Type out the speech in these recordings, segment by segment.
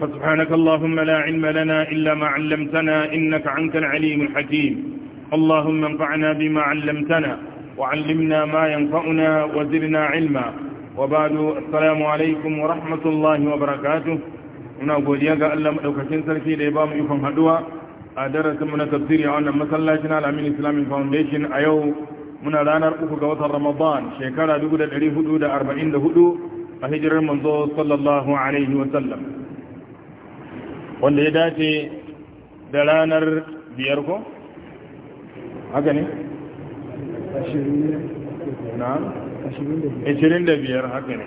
فسبحانك اللهم لا علم لنا إلا ما علمتنا إنك عنك العليم الحكيم اللهم انفعنا بما علمتنا وعلمنا ما ينفعنا وزرنا علما وبعد السلام عليكم ورحمة الله وبركاته muna godiya ga Allah madaukakin sarki da ya ba mu ikon haduwa a darasin mu na tafsiri a wannan masallaci na Al-Amin Islamic Foundation a yau muna ranar uku ga watan Ramadan shekara 1444 a hijirar manzo wanda ya dace da ranar biyar ko? haka ne? ashirin da biyar haka ne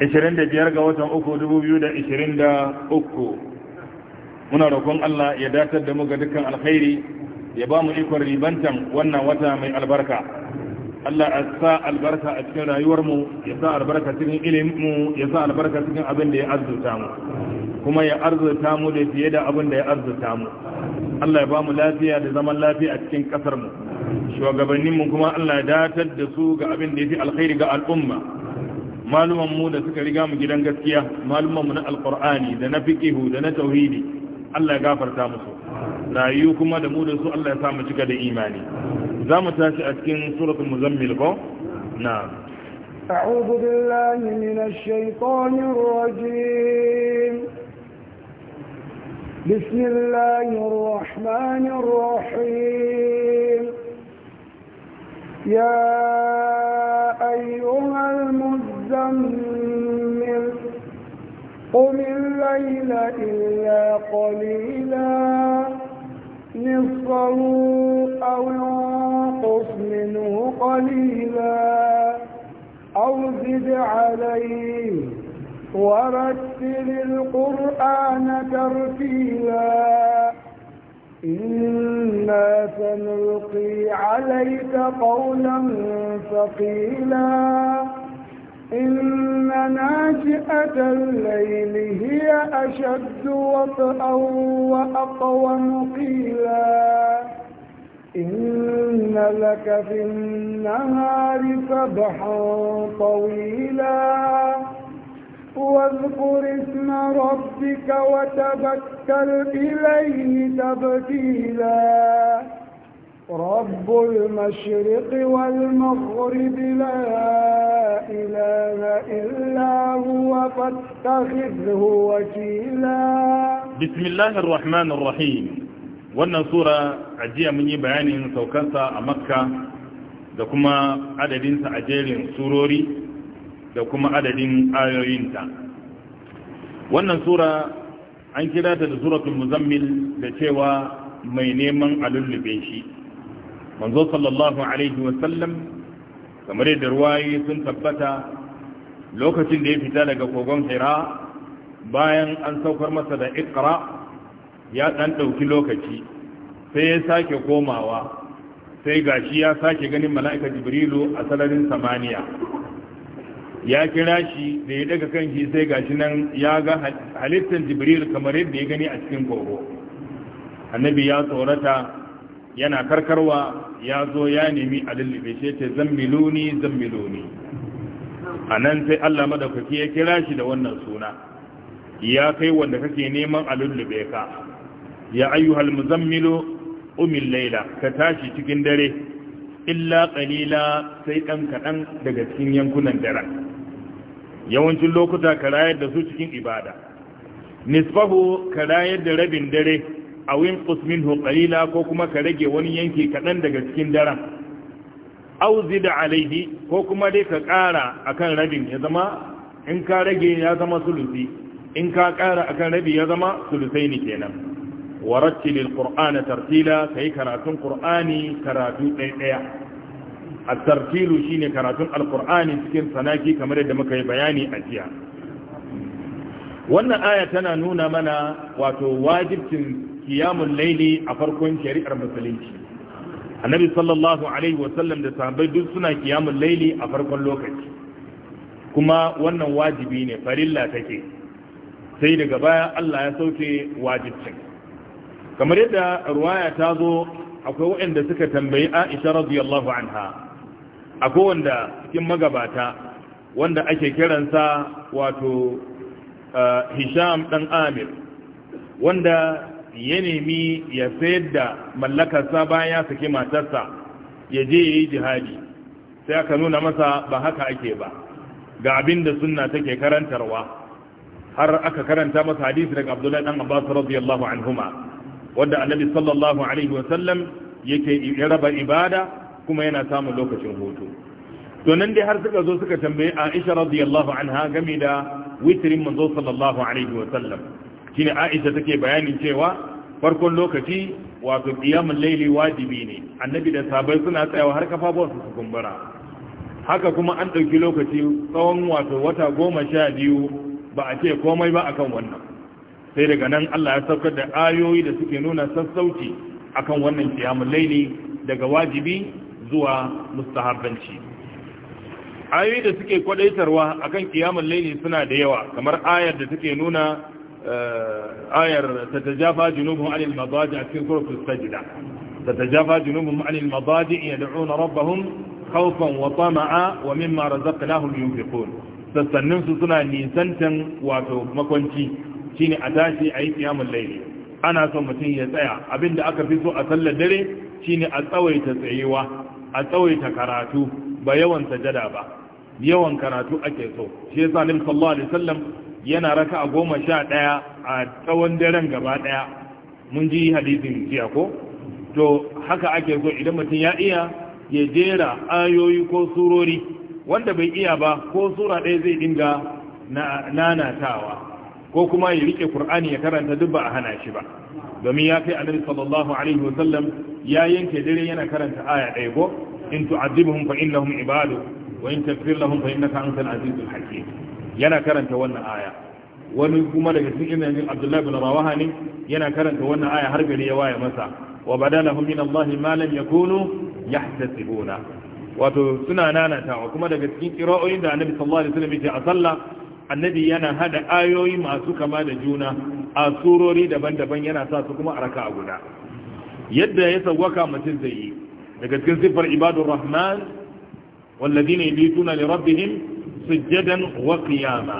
ashirin da biyar ga watan uku dubu biyu da ashirin da uku muna roƙon Allah ya datar da mu ga dukkan alkhairi ya ba mu ikon ribantan wannan wata mai albarka Allah ya sa albarka a cikin rayuwar mu ya sa albarka cikin ilimin mu ya sa albarka cikin abin da ya arzuta mu kuma ya arzuta mu da fiye da abin da ya arzuta mu Allah ya ba mu lafiya da zaman lafiya a cikin kasar mu shugabannin mu kuma Allah ya datar da su ga abin da fi alkhairi ga al'umma maluman mu da suka riga mu gidan gaskiya maluman mu na alqur'ani da na fiqihu da na tauhidi Allah ya gafarta musu rayu kuma da mu da su Allah ya sa mu cika da imani za mu tashi a cikin suratul muzammil ko na a'udhu billahi minash shaitanir rajim bismillahir rahmanir rahim ya ayyuhal muzammil قم الليل إلا قليلا نصفه أو ينقص منه قليلا أو زد عليه ورتل القرآن ترتيلا إنا سنلقي عليك قولا ثقيلا إن ناشئة الليل هي أشد وطئا وأقوم قيلا إن لك في النهار سبحا طويلا واذكر اسم ربك وتبتل إليه تبتيلا رب المشرق والمغرب لا إله إلا هو فاتخذه وكيلا بسم الله الرحمن الرحيم وانا سورة عجية من ان سوكانسا أمكا دكما عدد سعجير سوروري دكما عدد آيوين وانا سورة عن كلاة سورة المزمل لتوى مينيما على اللبنشي manzo sallallahu alaihi wasallam kamar yadda ruwaye sun tabbata lokacin da ya fita daga kogon hira bayan an saukar masa da ikra ya dan dauki lokaci sai ya sake komawa sai gashi ya sake ganin mala'ika jibrilu a salarin samaniya ya kira shi da ya daga kan shi sai gashi nan ya ga halittar jibril kamar yadda ya gani a cikin kogo annabi ya tsorata yana karkarwa ya zo ya nemi a lullube shi ce zammiluni zammiluni a nan sai Allah madaukaki ya kira shi da wannan suna ya kai wanda kake neman a lullube ka ya ayyuhal muzammilu umil laila ka tashi cikin dare illa qalila sai dan kaɗan daga cikin yankunan daren yawancin lokuta ka rayar da su cikin ibada nisbahu ka rayar da rabin dare a win minhu qalila ko kuma ka rage wani yanki kaɗan daga cikin daren au zida alaihi ko kuma dai ka ƙara akan rabin ya zama in ka rage ya zama sulusi in ka ƙara akan rabi ya zama sulusai ne kenan lil alqur'ana tartila kai karatun qur'ani karatu ɗaya karatun شيني cikin sanaki kamar yadda muka yi bayani a jiya. wannan aya tana nuna mana wato wajibcin kiyamun laili a farkon shari'ar musulunci annabi sallallahu alaihi wasallam da sahabbai duk suna kiyamun laili a farkon lokaci kuma wannan wajibi ne farilla take sai daga baya Allah ya sauke wajibcin kamar yadda ruwaya ta zo akwai waɗanda suka tambayi Aisha radiyallahu anha akwai wanda cikin magabata wanda ake kiransa wato eh, Hisham dan Amir wanda ya nemi ya sayar da mallakarsa bayan ya sake matarsa ya je ya yi jihadi sai aka nuna masa ba haka ake ba ga abin da sunna take karantarwa har aka karanta masa hadisi daga abdullahi dan abbas radiyallahu anhuma wanda annabi sallallahu alaihi wa sallam yake raba ibada kuma yana samun lokacin hutu to nan dai har suka zo suka tambaye Aisha radiyallahu anha game da witrin manzo sallallahu alaihi wa sallam shine Aisha take bayanin cewa farkon lokaci wato qiyamul layli wajibi ne annabi da sabai suna tsayawa har kafafuwansu su kumbura haka kuma an ɗauki lokaci tsawon wato wata goma sha biyu ba a ce komai ba akan wannan sai daga nan Allah ya saukar da ayoyi da suke nuna sassauci akan wannan qiyamul layli daga wajibi zuwa mustahabbanci ayoyi da suke kwadaitarwa akan qiyamul layli suna da yawa kamar ayar da take nuna ayar tatajafa junubuhum anil madaji a cikin suratu sajda tatajafa junubuhum anil madaji yad'una rabbahum khawfan wa tama'a wa mimma razaqnahum yunfiqun sassannin su suna nisantan wato makwanci shine a tashi ayi qiyamul layli ana son mutum ya tsaya abinda aka fi so a sallar dare shine a tsawaita tsayewa a tsawaita karatu ba yawan sajada ba yawan karatu ake so shi yasa nabi sallallahu alaihi wasallam yana raka a goma sha ɗaya a tsawon daren gaba ɗaya mun ji hadisin jiya ko to haka ake so idan mutum ya iya ya jera ayoyi ko surori wanda bai iya ba ko sura ɗaya zai dinga nanatawa ko kuma ya rike Kur'ani ya karanta duk ba a hana shi ba domin ya kai annabi sallallahu alaihi wasallam ya yanke dare yana karanta aya ɗaya ko in tu'adibuhum fa innahum ibadu wa in taghfir lahum fa innaka antal azizul hakim yana karanta wannan aya wani kuma daga cikin yanzu abdullahi bin rawaha ne yana karanta wannan aya har gari ya waye masa wa badalahum min allahi ma lam yakunu yahtasibuna wato suna nanatawa kuma daga cikin kira'o'in da annabi sallallahu alaihi wasallam yake a sallah annabi yana hada ayoyi masu kama da juna a surori daban-daban yana sa su kuma a raka'a guda yadda ya sawwaka mutum zai yi daga cikin sifar ibadur rahman والذين يبيتون لربهم sujjadan wa qiyama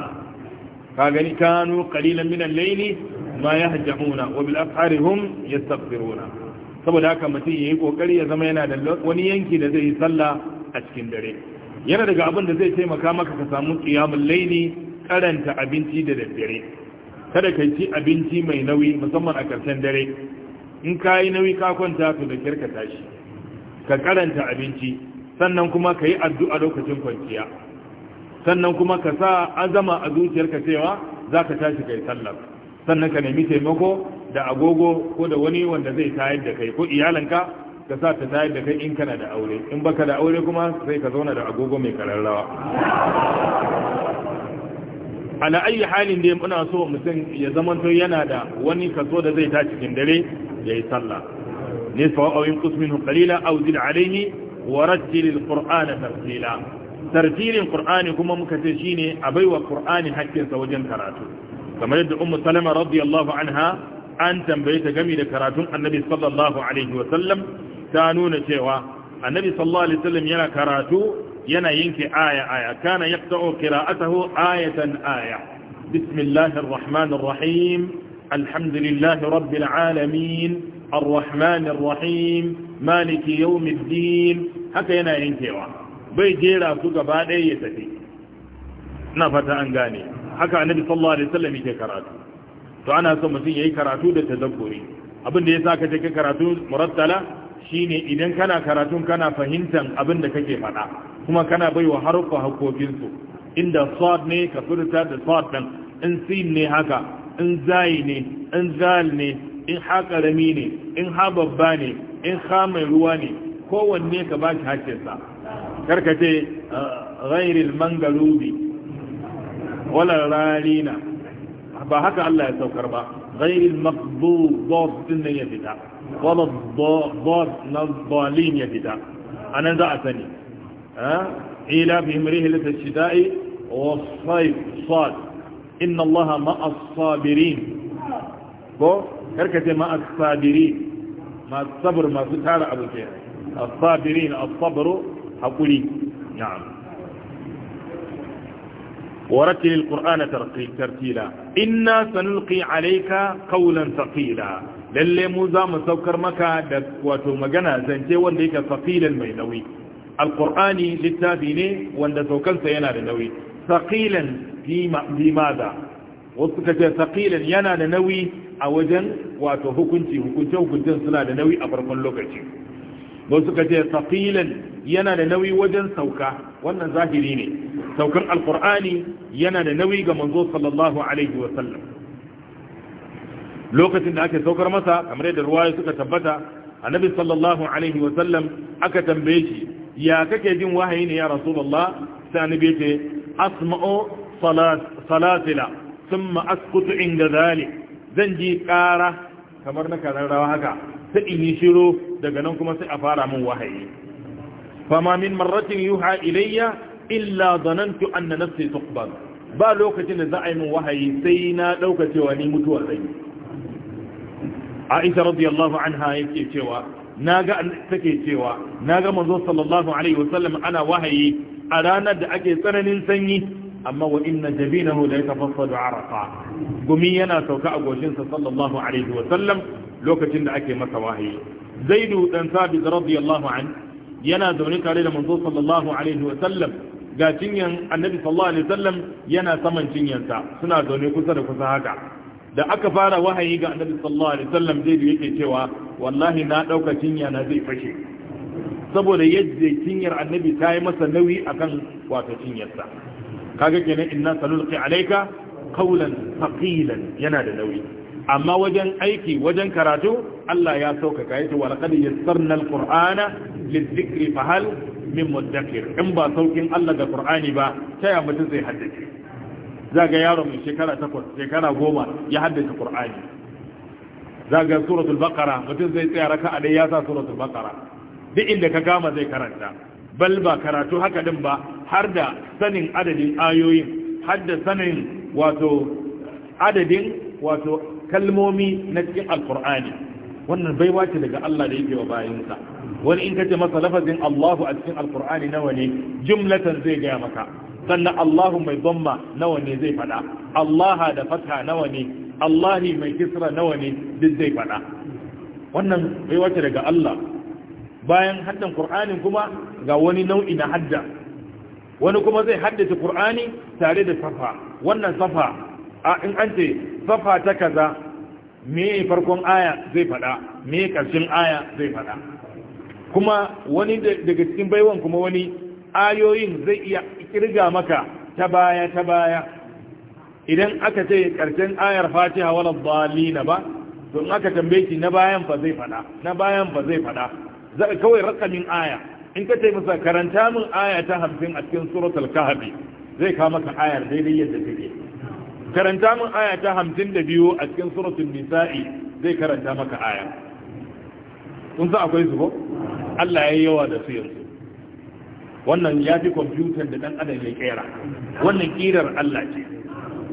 ka gani kanu qalilan min al-layli ma yahjauna wa bil afhari hum yastaghfiruna saboda haka mutum yayi kokari ya zama yana da wani yanki da zai yi sallah a cikin dare yana daga abin da zai taimaka maka ka samu qiyamul layli karanta abinci da daddare kada ka ci abinci mai nauyi musamman a karshen dare in ka yi nauyi ka kwanta to da kirka tashi ka karanta abinci sannan kuma ka yi addu'a lokacin kwanciya sannan kuma ka sa azama a zuciyarka cewa za ka tashi kai sallar sannan ka nemi taimako da agogo ko da wani wanda zai tayar da kai ko iyalanka ka sa ta tayar da kai in kana da aure in baka da aure kuma sai ka zauna da agogo mai kararrawa ala ayi halin da muna so mutum ya to yana da wani kaso da zai tashi cikin dare ya yi sallah nisfa wa awin qismin qalila aw zid alayhi wa rattil alqur'ana tartila tartirin qur'ani kuma muka ce shine a baiwa qur'ani hakkinsa wajen karatu kamar yadda ummu salama radiyallahu anha an tambaye ta game da karatun annabi sallallahu alaihi wa sallam ta nuna cewa annabi sallallahu alaihi wasallam yana karatu yana yanke aya aya kana yaqta'u qira'atahu ayatan aya bismillahir rahmanir rahim alhamdulillahi rabbil alamin arrahmanir rahim maliki yawmiddin haka yana yankewa bai jera su gaba ɗaya ya tafi ina fata an gane haka annabi sallallahu alaihi wasallam yake karatu to ana son mutum yayi karatu da tadabburi abin da yasa ka je ka karatu murattala shine idan kana karatun kana fahimtan abin da kake faɗa kuma kana baiwa harfa hakokin su inda sad ne ka furta da sad din in sin ne haka in zai ne in zal ne in haƙarami ne in ha ne in ha ruwa ne kowanne ka ba shi karkace ghairil mangalubi wala ralina ba haka Allah ya saukar ba ghairil maqdud din ne ya fita wala dad na dalin ya fita anan za a sani ila bihim rihlat ash-shita'i sad inna Allah ma'a as-sabirin ko karka ce as-sabirin ma sabr ma su tara as-sabirin as-sabru haƙuri na'am ورتل القرآن ترتيلا إنا سنلقي عليك قولا ثقيلا lalle mu za mu saukar maka da wato magana zance wanda yake saqilan mai nauyi alqur'ani littafi ne wanda saukansa yana da nauyi saqilan bi maza wasu kace saqilan yana da nauyi a wajen wato hukunci hukunce suna da nauyi a farkon lokaci wasu suka yana da nauyi wajen sauka wannan zahiri ne saukan alkur'ani yana da nauyi ga manzo sallallahu alaihi wa sallam lokacin da ake saukar masa kamar yadda ruwaya suka tabbata annabi sallallahu alaihi wa sallam aka tambaye shi ya kake jin wahayi ne ya rasulullah sai annabi ya ce asma'u salasila thumma askutu inda zalik zan ji ƙara kamar na kararrawa haka sai in yi shiru daga nan kuma sai a fara min wahayi fama min marratin yuha ilayya illa zanantu anna nafsi tuqbal ba lokacin da za a yi min wahayi sai na dauka cewa ni mutuwa zai Aisha radiyallahu anha yake cewa naga take cewa naga manzo sallallahu alaihi wasallam ana wahayi a ranar da ake tsananin sanyi amma wa inna jabinahu la yatafassadu araqa gumi yana sauka a goshin sa sallallahu alaihi wasallam lokacin da ake masa wahayi zaidu dan sabit radiyallahu an yana zaune tare da manzo sallallahu alaihi wa sallam ga cinyan annabi sallallahu alaihi wa sallam yana saman cinyansa suna zaune kusa da kusa haka da aka fara wahayi ga annabi sallallahu alaihi wa sallam zaidu yake cewa wallahi na dauka cinya na zai fashe saboda yadda cinyar annabi ta yi masa nauyi akan wato cinyarsa kaga kenan inna sanulqi alayka qawlan thaqilan yana da nauyi amma wajen aiki wajen karatu Allah ya saukaka yace wa laqad yassarna alqur'ana lidhikri fahal min mudakkir in ba saukin Allah ga qur'ani ba ta ya mutum zai haddace zaga yaro mai shekara 8 shekara 10 ya haddace qur'ani zaga suratul baqara mutum zai tsaya raka'a dai ya sa suratul baqara duk inda ka gama zai karanta bal ba karatu haka din ba har da sanin adadin ayoyin har da sanin wato adadin wato kalmomi na cikin alqur'ani wannan baiwa ce daga Allah da yake wa bayinsa wani in kace masa lafazin Allahu a cikin alqur'ani nawa ne jumlatan zai gaya maka sannan Allahu mai dhamma nawa ne zai fada Allaha da fatha nawa ne Allahi mai kisra nawa ne duk zai fada wannan baiwa ce daga Allah bayan haddan qur'anin kuma ga wani nau'i na hadda wani kuma zai haddace qur'ani tare da safa wannan safa in an ce safa ta kaza me farkon aya zai faɗa me ƙarshen aya zai faɗa kuma wani daga cikin baiwan kuma wani ayoyin zai iya kirga maka ta baya ta baya idan aka ce ƙarshen ayar fatiha wala dalina ba to in aka tambaye na bayan fa zai faɗa na bayan fa zai faɗa kawai rakamin aya in ka ce masa karanta min aya ta hamsin a cikin suratul kahfi zai kawo maka ayar daidai yadda take karanta min aya ta hamsin da biyu a cikin suratun nisa'i zai karanta maka aya kun sa akwai su ko Allah ya yi yawa da su yanzu wannan ya fi kwamfutar da ɗan adam ya kera wannan ƙirar Allah ce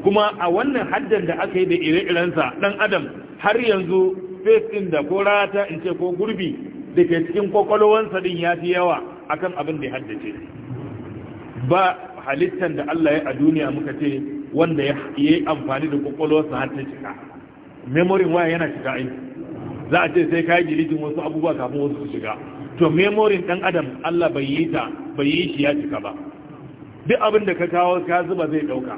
kuma a wannan haddan da aka yi da ire iren sa, ɗan adam har yanzu fes ɗin da ko rata in ce ko gurbi da ke cikin kwakwalwansa ɗin ya fi yawa akan abin da ya haddace ba halittar da Allah ya a duniya muka ce wanda ya yi amfani da kwakwalwarsa har ta cika memorin waya yana cika aiki za a ce sai ka yi jirgin wasu abubuwa kafin wasu su shiga to memorin dan adam Allah bai yi ta bai yi shi ya cika ba duk abin da ka kawo ka zuba zai dauka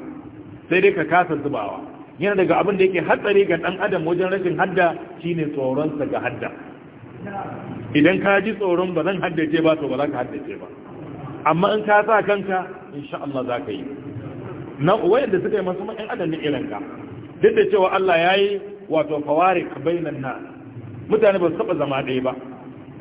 sai dai ka kasa zubawa yana daga abin da yake hatsari ga dan adam wajen rashin hadda shine tsoronsa ga hadda idan ka ji tsoron ba zan haddace ba to ba za ka haddace ba amma in ka sa kanka insha Allah za ka yi na wayanda suka yi masu ma'in adam ilanka ka duk da cewa Allah ya yi wato fawari bainan na mutane ba su taɓa zama ɗaya ba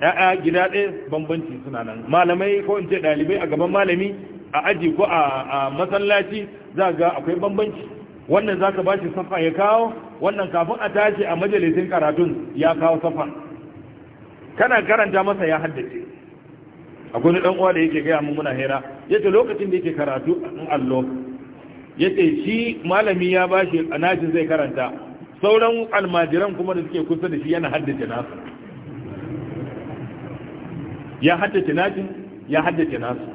ya'ya gida ɗaya bambanci suna nan malamai ko in ce ɗalibai a gaban malami a aji ko a masallaci za ga akwai bambanci wannan za ka bashi safa ya kawo wannan kafin a tashi a majalisin karatun ya kawo safa kana karanta masa ya haddace akwai ni ɗan uwa da yake gaya mun muna hira yace lokacin da yake karatu in allo yace shi malami ya bashi anashin zai karanta sauran almajiran kuma da suke kusa da shi yana haddace nasu ya haddace nashi ya haddace nasu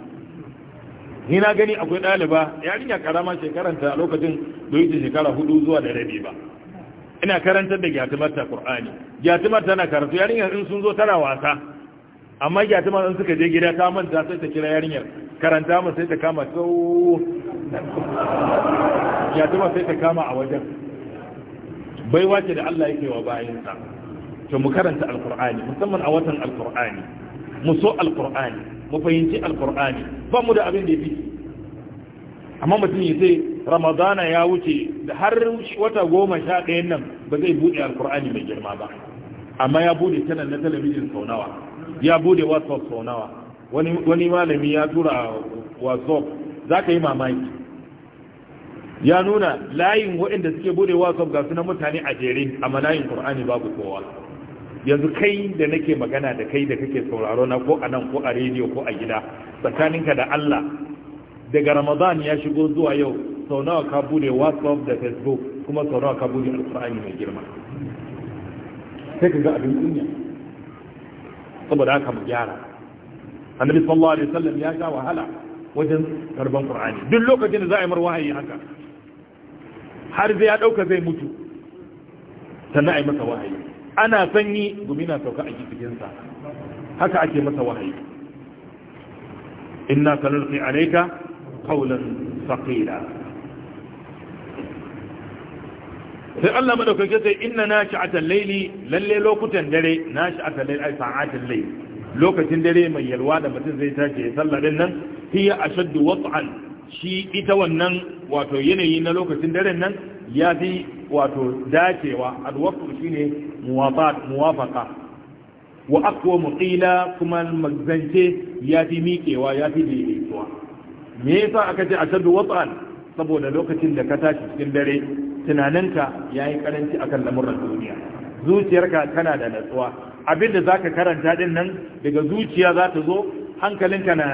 ni na gani akwai ɗaliba yarinya karama shekaranta a lokacin da yi shekara hudu zuwa da rabi ba ina karantar da gyatumar ta ƙur'ani gyatumar tana karatu yarinyar in sun zo tana wasa amma gyatumar in suka je gida ta manta sai ta kira yarinyar karanta mu sai ta kama tsawo ya tuma sai ta kama a wajen baiwa ce da Allah yake wa bayansa to mu karanta alkur'ani musamman a watan alkur'ani mu so alkur'ani mu fahimci alkur'ani ba mu da abin da ya fi amma mutum ya sai ramadana ya wuce da har wata goma sha ɗayan nan ba zai buɗe alkur'ani mai girma ba amma ya buɗe canan na talabijin sau nawa ya buɗe whatsapp sau nawa wani malami ya tura whatsapp za ka yi mamaki ya nuna layin waɗanda suke bude whatsapp ga sunan mutane a jere amma layin ƙur'ani babu kowa yanzu kai da nake magana da kai da kake sauraro na ko a nan ko a rediyo ko a gida tsakaninka da Allah daga ramadan ya shigo zuwa yau sau nawa ka bude whatsapp da facebook kuma sau nawa ka bude alkur'ani mai girma sai ka ga abin kunya saboda haka mu gyara annabi sallallahu alaihi wasallam ya sha wahala wajen karban qur'ani duk lokacin da za a yi mar wahayi haka har zai ya dauka zai mutu sannan a yi masa wahayi ana sanyi gumi sauka a cikin sa haka ake masa wahayi inna sanulqi alayka qawlan thaqila sai Allah madaukake sai inna nashi'atal layli lalle lokutan dare nashi'atal layli ay sa'atal layli lokacin dare mai yalwa da mutum zai tashi ya sallah din nan hiya ashaddu wat'an shi ita wannan wato yanayi na lokacin daren nan ya fi wato dacewa alwaqtu shine muwafaq muwafaqa wa aqwa muqila kuma magzance ya fi miƙewa ya fi daidaituwa me yasa aka ce ashaddu wat'an saboda lokacin da ka tashi cikin dare tunaninka yayi karanci akan lamuran duniya zuciyarka tana da natsuwa abinda za ka karanta din nan daga zuciya za ta zo hankalinka na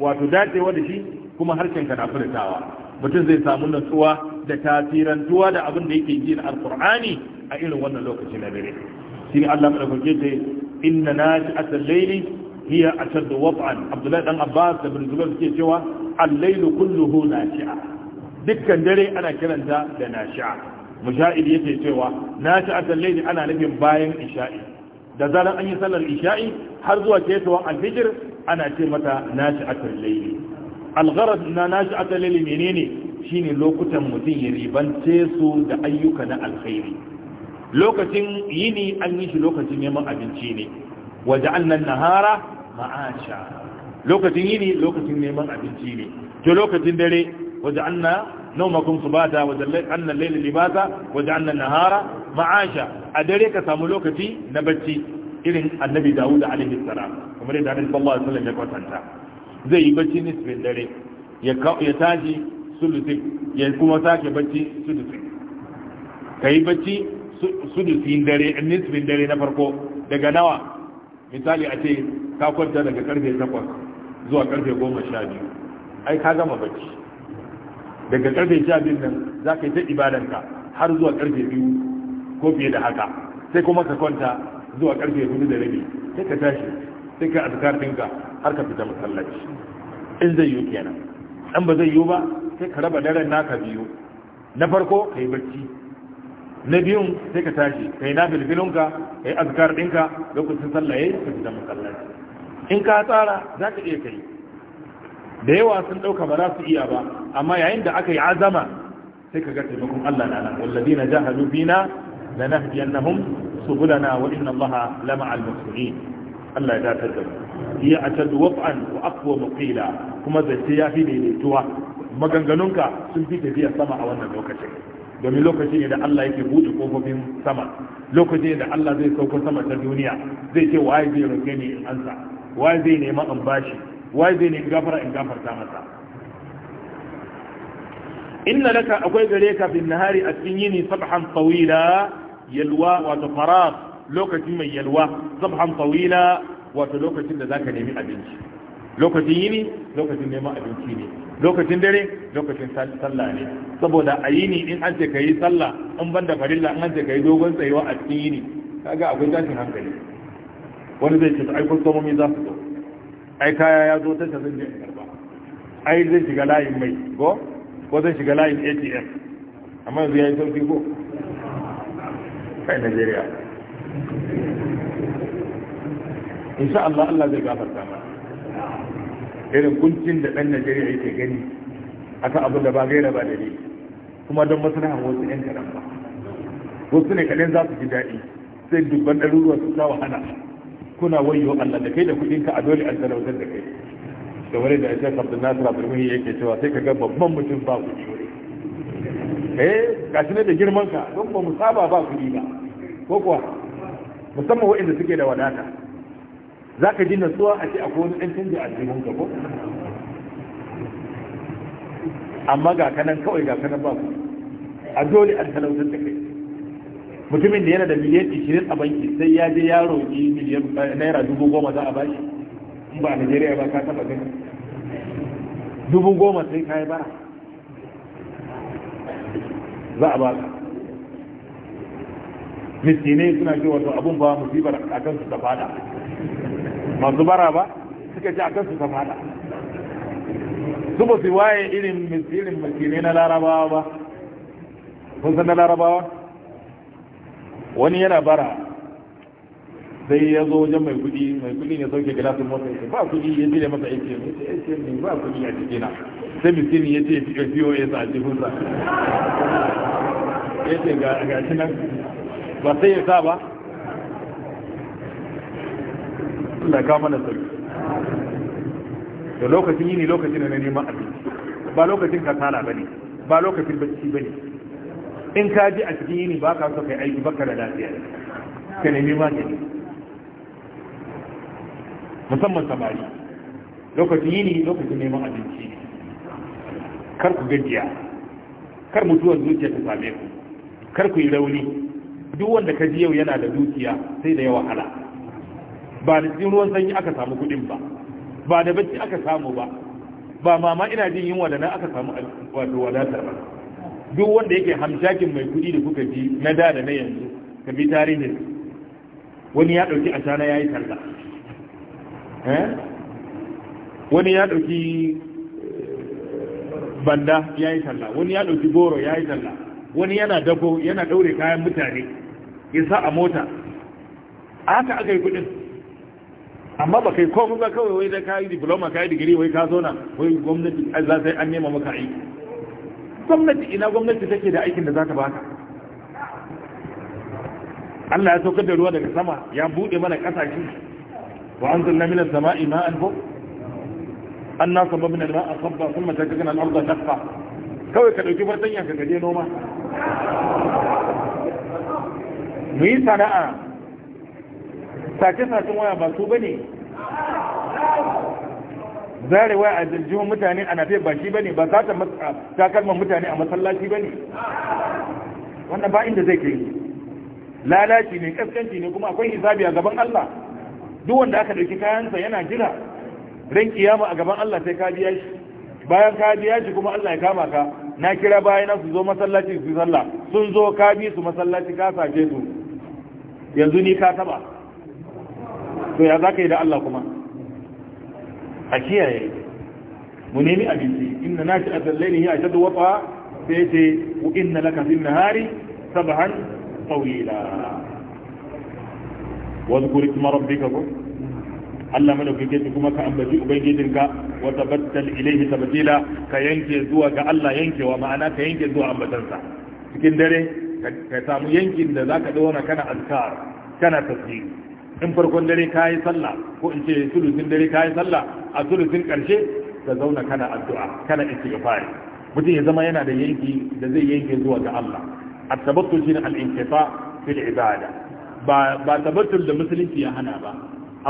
wato dacewa da shi kuma harshenka na furtawa mutum zai samu natsuwa da tasirantuwa da abin da yake ji na alkur'ani a irin wannan lokaci na dare shi ne allah maɗaukake ce inna na ji asal hiya ashad wat'an abdullahi dan abbas da bin zubair suke cewa al-lailu kulluhu nashi'a dukkan dare ana kiranta da nashi'a mujahid yake cewa nashi'atul layli ana nufin bayan isha'i da zaran an yi sallar isha'i har zuwa ketowar alfijir ana ce mata nashi atar laili algharar na nashi atar laili menene shine lokutan mutum ya ribance su da ayyuka na alkhairi lokacin yini an yi shi lokacin neman abinci ne waje annan nahara ma'asha lokacin yini lokacin neman abinci ne to lokacin dare waje annan nawmakum subata wa ja'alna annan layla libasa wa ja'alna an-nahara ma'asha a dare ka samu lokaci na bacci irin annabi Dawud alaihi salam kamar da annabi sallallahu alaihi wasallam ya kwatanta zai yi bacci nisbin dare ya ya taji sulusi ya kuma sake bacci sulusi kai bacci sulusin dare nisbin dare na farko daga nawa misali a ce ka kwanta daga karfe 8 zuwa karfe 12 ai ka gama bacci daga karfe sha biyu nan za ka yi ta ibadanka har zuwa karfe biyu ko fiye da haka sai kuma ka kwanta zuwa karfe hudu da rabi sai ka tashi sai ka azkar ɗinka har ka fita masallaci in zai yiwu kenan in ba zai yiwu ba sai ka raba daren naka biyu na farko ka yi barci na biyun sai ka tashi ka yi na bilbilinka ka yi azkar ɗinka lokacin sallaye ka fita masallaci in ka tsara za ka iya kai da yawa sun dauka ba za su iya ba amma yayin da aka yi azama sai ka ga taimakon Allah na nan walladina jahadu fina lanahdiyannahum subulana wa inna Allaha lama'al muslimin Allah ya dace da mu hiya atadu waf'an wa aqwa muqila kuma zace ya fi daidaituwa maganganunka sun fi tafiya sama a wannan lokacin domin lokacin ne da Allah yake buɗe kofofin sama Lokacin ne da Allah zai sauko sama ta duniya zai ce waye zai roke ni in ansa waye zai nema in bashi wai zai nemi gafara in gafarta masa inna laka akwai gare ka bin nahari a cikin yini sabhan tawila yalwa wato faras lokaci mai yalwa sabhan tawila wato lokacin da zaka nemi abinci lokacin yini lokacin neman abinci ne lokacin dare lokacin sallah ne saboda a yini in an ce ka yi sallah in banda farilla in an ce ka yi dogon tsayuwa a cikin yini kaga akwai tashin hankali wani zai ce ai kwastomomi za su zo ai kaya ya zo ta zan je karba ai zai shiga layin mai go ko zai shiga layin atm amma yanzu ya yi sauki ko kai najeriya insha Allah Allah zai gafarta ma irin kuncin da ɗan najeriya yake gani aka abu da ba gaira ba dalili kuma don maslahan wasu 'yan karamba ba wasu ne kaɗan za su ji daɗi sai dubban ɗaruruwa su sa wahala kuna wayo Allah da kai da kudin ka a dole an talautar da kai kamar yadda a shekar da nasara birmihi yake cewa sai ka ga babban mutum ba kudi eh ga shi ne da girman ka don ba mu saba ba kudi ba ko kuwa musamman waɗanda suke da wadata za ka ji nasuwa a ce akwai wani ɗan canji a jimin ka ko amma ga kanan kawai ga kanan ba ku a dole an talautar da kai mutumin da yana da miliyan ishirin a banki sai ya je ya roƙi miliyan eh, naira dubu goma za a ba shi ba a Najeriya ba ka taba gani dubu goma sai ka yi bara za a ba ka miskinai suna ce wato abun ba musibar a kan ta fada masu bara ba suka ce a kan ta fada su ba su waye irin miskinai na larabawa ba kun san na larabawa wani yana bara sai ya zo wajen mai kudi mai kudi ne sauke gilasin mota ya ce ba kudi ya jire masa aiki ya ce aiki ne ba kudi a cikina sai miskin ya ce sa a cikinsa ya ce ga shi nan ba sai ya sa ba Allah ka mana sauki da lokacin yini lokacin da na neman abinci ba lokacin kasala ba ne ba lokacin bacci ba ne in ka ji a cikin yini ba ka so kai aiki baka da lafiya ka nemi magani musamman samari lokacin yini lokacin neman abinci kar ku gajiya kar mutuwar zuciya ta same ku kar ku yi rauni duk wanda ka ji yau yana da dukiya sai da yawa hala ba da cikin ruwan sanyi aka samu kuɗin ba ba da bacci aka samu ba ba mama ina jin yunwa da na aka samu wadatar ba duk wanda yake hamshakin mai kudi da kuka ji na da da na yanzu ka bi tarihin wani ya dauki ashana yi talla eh? wani ya dauki eh, banda ya yi talla wani ya dauki goro yi talla wani yana dafo yana daure kayan mutane ya sa a mota haka aka yi kudin amma ba kai komu ba kawai wai da kayi diploma kayi digiri wai ka zo na wai gwamnati za sai an nema maka aiki gwamnati ina gwamnati take da aikin da za ta baka Allah ya saukar da ruwa daga sama ya bude mana kasashe wa anzalna minas sama'i ma'an fa anna sababna al-ma'a sabba thumma shaqaqna al-ardha dafa kawai ka dauki fartanya ka gaje noma mu yi sana'a sace-sacen waya ba su bane wa a jirgin mutane a nafe ba shi bane ba sata kalmar mutane a masallaci bane wannan ba inda zai kai lalaci ne kaskanci ne kuma akwai hisabi a gaban Allah duk wanda aka dauki kayansa yana jira ran kiyama a gaban Allah sai ka biya shi bayan ka biya shi kuma Allah ya kama ka na kira bayan su zo masallaci su sallah sun zo ka bi su masallaci ka sace su yanzu ni ka taba to ya zaka yi da Allah kuma a kiyaye mu nemi abinci inna nashi azallaini hiya ashadu wata sai yace inna laka fil nahari sabahan tawila واذكر اسم ko? Allah madaukake shi kuma ka ambaci ubangijinka wa tabattal ilayhi tabtila ka yanke zuwa ga Allah yankewa ma'ana ka yanke zuwa ambatansa cikin dare ka samu yankin da zaka dauna kana azkar kana tasbih in farkon dare ka yi sallah ko in ce sulusin dare ka yi sallah a sulusin ƙarshe ka zauna kana addu'a kana fari. mutum ya zama yana da yanki da zai yanke zuwa ga Allah at-tabattul shine al-inqifa fil ibada ba ba tabattul da musulunci ya hana ba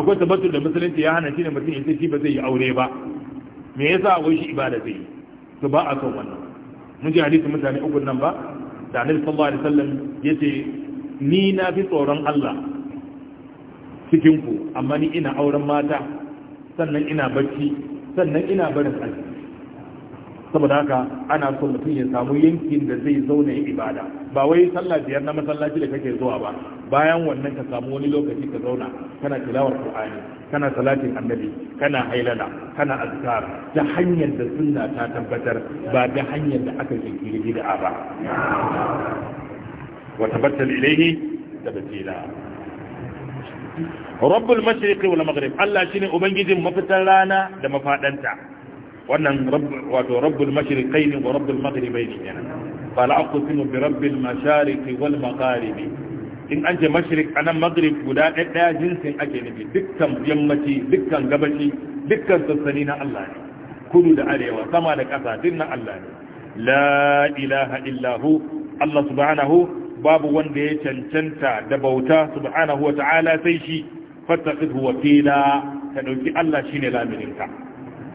akwai tabattul da musulunci ya hana shine mutum yace shi ba zai yi aure ba me yasa wai shi ibada zai yi to ba a son wannan mun ji hadisi mutane uku nan ba da Annabi sallallahu alaihi wasallam yace ni na fi tsoron Allah cikinku amma ni ina auren mata sannan ina bacci sannan ina barin aiki saboda haka ana so mutum ya samu yankin da zai zauna ya ibada ba wai sallah biyar na masallaci da kake zuwa ba bayan wannan ka samu wani lokaci ka zauna kana tilawar qur'ani kana salatin annabi kana hailala kana azkar ta hanyar da sunna ta tabbatar ba ta hanyar da aka jinkiri bid'a ba wa tabattal ilayhi tabtila rabbul mashriqi wal maghrib Allah shine ubangijin mafitar rana da mafadanta wannan wato rabbul mashriqain wa rabbul maghribain kenan aqsimu bi rabbil mashariqi wal magharibi in an ce mashriq anan maghrib guda ɗaya jinsin ake nufi dukkan yammaci dukkan gabaci dukkan sassani na Allah ne kudu da arewa sama da ƙasa din na Allah ne la ilaha illahu Allah subhanahu babu wanda ya cancanta da bauta subhanahu wata'ala sai shi fattaqidhu wakila ka dauki Allah shine lamininka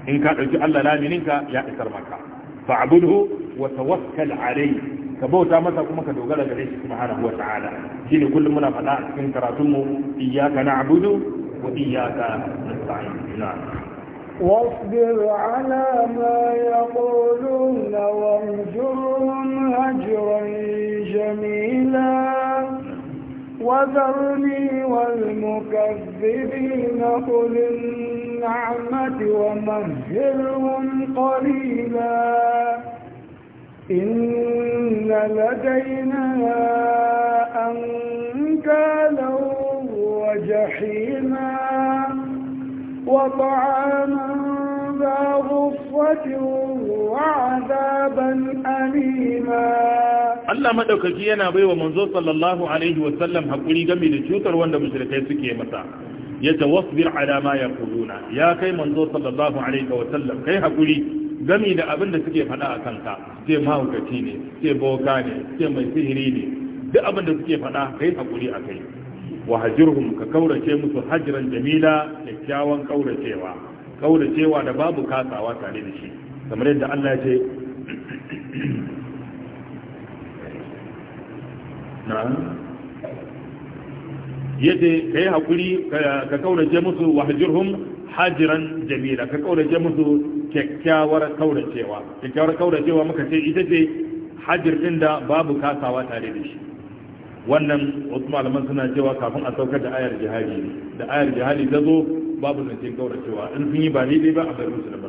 in ka dauki Allah lamininka ya isar maka fa'budhu wa tawakkal alayhi ka bauta masa kuma ka dogara gare shi subhanahu wata'ala shine kullum muna faɗa a cikin karatunmu iyyaka na'budu wa iyyaka nasta'in na'am واصبر على ما يقولون وامجرهم هجرا جميلا وذرني والمكذبين قل النعمة ومهلهم قليلا إن لدينا أنكالا وجحيما وطعاما ذا غفة وعذابا أليما Allah madaukaki yana baiwa manzo sallallahu alaihi wa sallam hakuri game da cutar wanda mushrikai suke masa ya tawaffir ala ma yaquluna ya kai manzo sallallahu alaihi wa sallam kai hakuri da abin da suke faɗa a kanka sai mahaukaci ne sai boka ne sai mai sihiri ne duk abin da suke faɗa kai haƙuri a kai wa hajirhum ka kaurace musu hajran jamila kyakkyawan kauracewa kauracewa da babu kasawa tare da shi kamar yadda Allah ya ce ka kai hakuri ka kaurace musu wa hajirhum hajiran jamila ka kaurace musu kyakkyawar kauracewa kyakkyawar kauracewa muka ce ita ce hajirin da babu kasawa tare da shi wannan wasu malaman suna cewa kafin a saukar da ayar jihadi da ayar jihadi ta zo babu zance gaura cewa in sun yi ba dai ba a bari musu da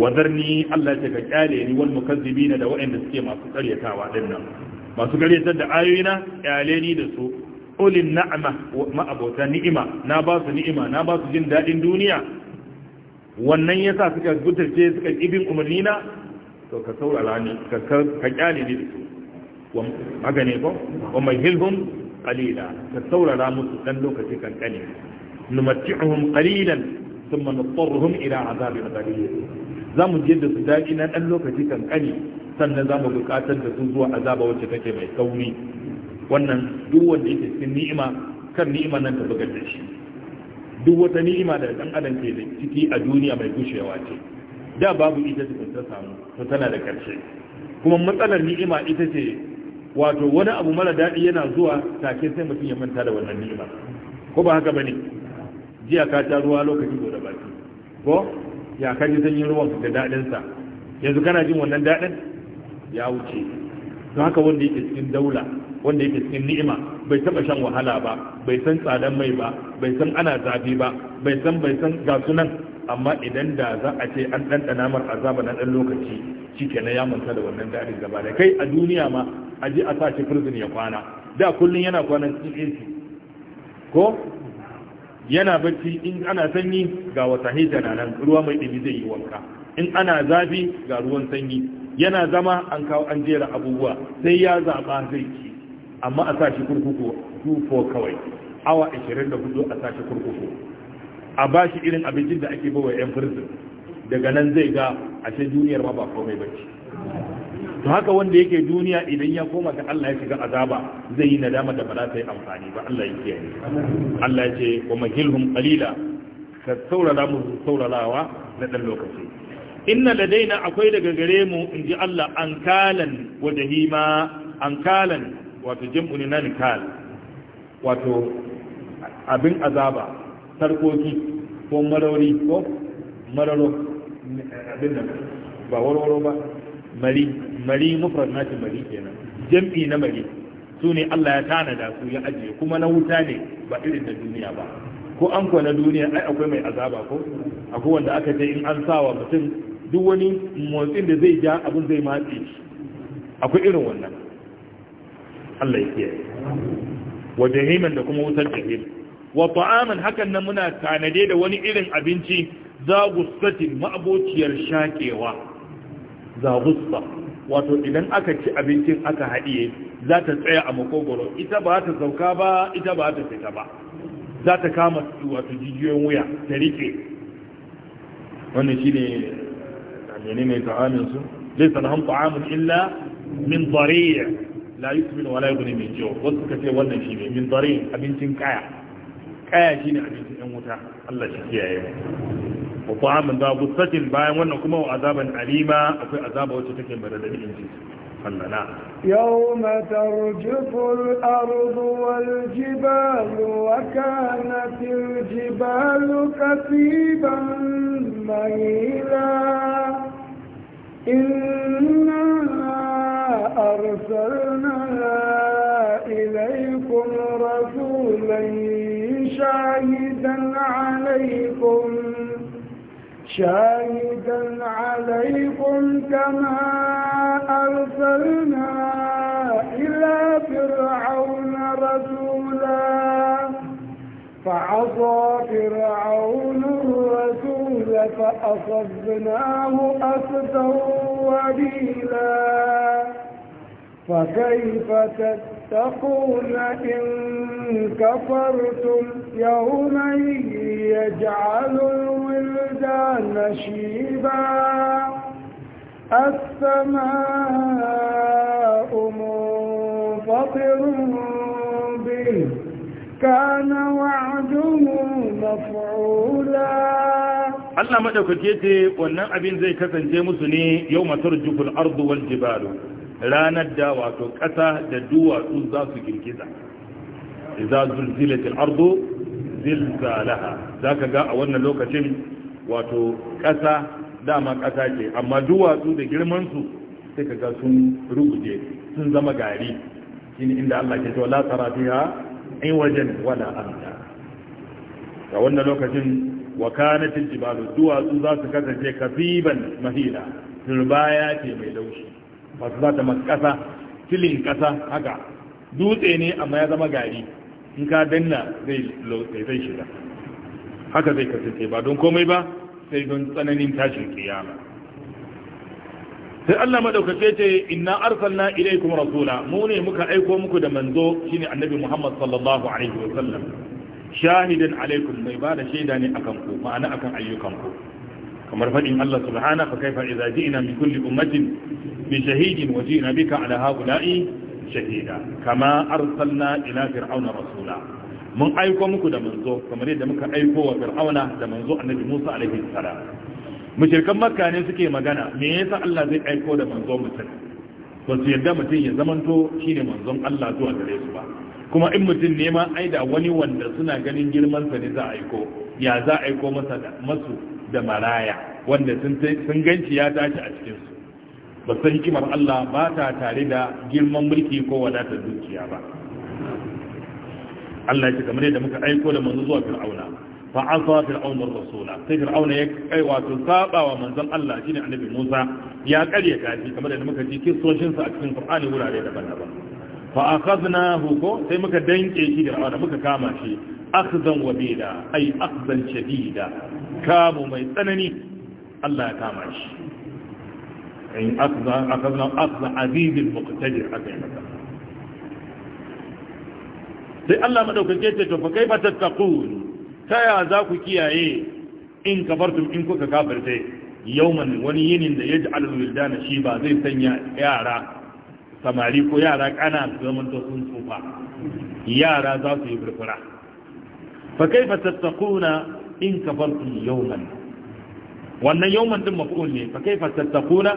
Wazar ni Allah ce ka kyale ni wal mukazzibina da waɗanda suke masu karyatawa din nan masu karyatar da ayoyina kyale ni da su ulin na'ama ma abota ni'ima na ba su ni'ima na ba su jin daɗin duniya wannan yasa suka gutarce suka ibin umarnina to ka saurara ni ka kyale ni da su haka ne ko wa mahilhum qalila ta saurara musu ɗan lokaci kankani numatti'uhum qalilan thumma nuttarruhum ila azabin Za mu je da su daɗi na ɗan lokaci kankani sannan za mu bukatar da su zuwa azaba wacce take mai sauri wannan duk wanda yake cikin ni'ima kan ni'ima nan ta bugar da shi duk wata ni'ima da ɗan adam ke da ciki a duniya mai gushewa ce da babu ita da ta samu to tana da ƙarshe. kuma matsalar ni'ima ita ce wato wani abu mara daɗi yana zuwa take sai mutum ya manta da wannan ni'ima ko ba haka bane jiya ka ta ruwa lokaci da baki ko ya ka ji sanyin ruwan da daɗin sa yanzu kana jin wannan daɗin ya wuce don haka wanda yake cikin daula wanda yake cikin ni'ima bai taba shan wahala ba bai san tsadan mai ba bai san ana zafi ba bai san bai san ga sunan amma idan da za a ce an ɗanɗana mar azaba na ɗan lokaci shi na ya manta da wannan daɗin gaba da kai a duniya ma a ji a shi prison ya kwana da kullum yana kwana cikin AC ko yana bacci in ana sanyi ga wata hita na nan ruwa mai ɗabi zai yi wanka in ana zafi ga ruwan sanyi yana zama an kawo an jera abubuwa sai ya zaba zai ci amma a sashi kurkuku kawai awa 24 a sashi kurkuku a ba shi irin abincin da ake bawa 'yan firzin daga nan zai ga ashe duniyar ma ba komai ba ce to haka wanda yake duniya idan ya koma ga Allah ya shiga azaba zai yi nadama da ba za ta yi amfani ba Allah ya kiyaye Allah ya ce wa mahilhum qalila ka saurara mu saurarawa na dan lokaci inna ladaina akwai daga gare mu in ji Allah an kalan wa dahima an kalan wato jam'u ne nan kal wato abin azaba sarkoki ko marori ko mararo abin nan ba warwaro ba mari mari mufrad ce mari kenan jam'i na mari su ne Allah ya tanada su ya ajiye kuma na wuta ne ba irin na duniya ba ko an kuwa na duniya ai akwai mai azaba ko akwai wanda aka ce in an sawa mutum duk wani motsin da zai ja abin zai matse shi akwai irin wannan Allah ya kiyaye wa jahiman da kuma wutar jahim wa ta'aman hakan nan muna tanade da wani irin abinci za gussatin ma'abociyar shakewa za gussa wato idan aka ci abincin aka haɗiye za ta tsaya a makogoro ita ba ta sauka ba ita ba ta fita ba za ta kama wato jijiyoyin wuya ta rike wannan shi ne amini ne ta'aminsu zai sanahun ta'amin illa min zariya la yi su min wala yi min jiyo wasu ka ce wannan shi ne min zariya abincin kaya kaya shi ne abincin yan wuta Allah shi kiyaye mu wa ta'amun da gusatin bayan wannan kuma wa azaban alima akwai azaba wacce take madadin ji Allah na يوم Jibalu الأرض والجبال وكانت jibalu kasiban مهيلا إنا أرسلنا إليكم رسولا شاهدا عليكم شاهدا عليكم كما أرسلنا إلى فرعون رسولا فعصى فرعون الرسول قال فأصبناه أسدا وليلا فكيف تتقون إن كفرتم يوما يجعل الولدان شيبا السماء منفطر به كان وعده مفعولا Allah madaukake ce wannan abin zai kasance musu ne yau matar jufin ardu wal jibalu ranar da wato ƙasa da duwatsu za su girgiza idza zulzilatil ardu zilzalaha zaka ga a wannan lokacin wato ƙasa dama ƙasa ce amma duwatsu da girman su sai kaga sun ruguje sun zama gari shine inda Allah ke cewa la tsara fiha in wajen wala amta a wannan lokacin wa kanatil jibalu duwatsu za su kasance kasiban mahila turbaya ce mai laushi wasu za ta makasa filin kasa haka dutse ne amma ya zama gari in ka danna zai zai shiga haka zai kasance ba don komai ba sai don tsananin tashin kiyama sai Allah madaukake ce inna arsalna kuma rasula mu ne muka aiko muku da manzo shine annabi Muhammad sallallahu alaihi sallam. shahidin alaikum mai ba da shaida ne a kanku ma'ana akan kan ayyukanku kamar faɗin Allah subhanahu fa kaifa idza ji'na min kulli ummatin bi shahidin wa ji'na bika ala haula'i shahida kama arsalna ila fir'auna rasula mun aiko muku da manzo kamar yadda muka aiko wa fir'auna da manzo annabi Musa alaihi salam mushrikan makka ne suke magana me yasa Allah zai aiko da manzo mutum ba su yarda mutum ya zamanto shine manzon Allah zuwa gare su ba kuma in mutum neman aida wani wanda suna ganin girmansa ne za a aiko ya za a aiko masu da maraya wanda sun ganci ya tashi a cikinsu ba san hikimar Allah ba ta tare da girman mulki ko wadatar dukiya ba Allah ya kamar yadda muka aiko da manzo zuwa fir'auna fa asa fir'auna rasula sai fir'auna ya kai wato saba wa manzon Allah shine annabi Musa ya kare kafi kamar yadda muka ji kisoshin sa a cikin Qur'ani wurare daban-daban fa akhadnahu ko sai muka danke shi da wanda muka kama shi akhzan wabila ai akhzan shadida kamo mai tsanani Allah ya kama shi in akhza akhazna akhza aziz al-muqtadir akai sai Allah madaukake ce to fa kai tattaqun ta ya za ku kiyaye in kafartum in kuka kafirce yawman wani yinin da yaj'alul wildana shi ba zai sanya yara samari ko yara kana su zama ta sun tsufa yara za su yi furfura fa fa tattakuna in ka yau man, wannan yawman din mafi ne fa fa tattakuna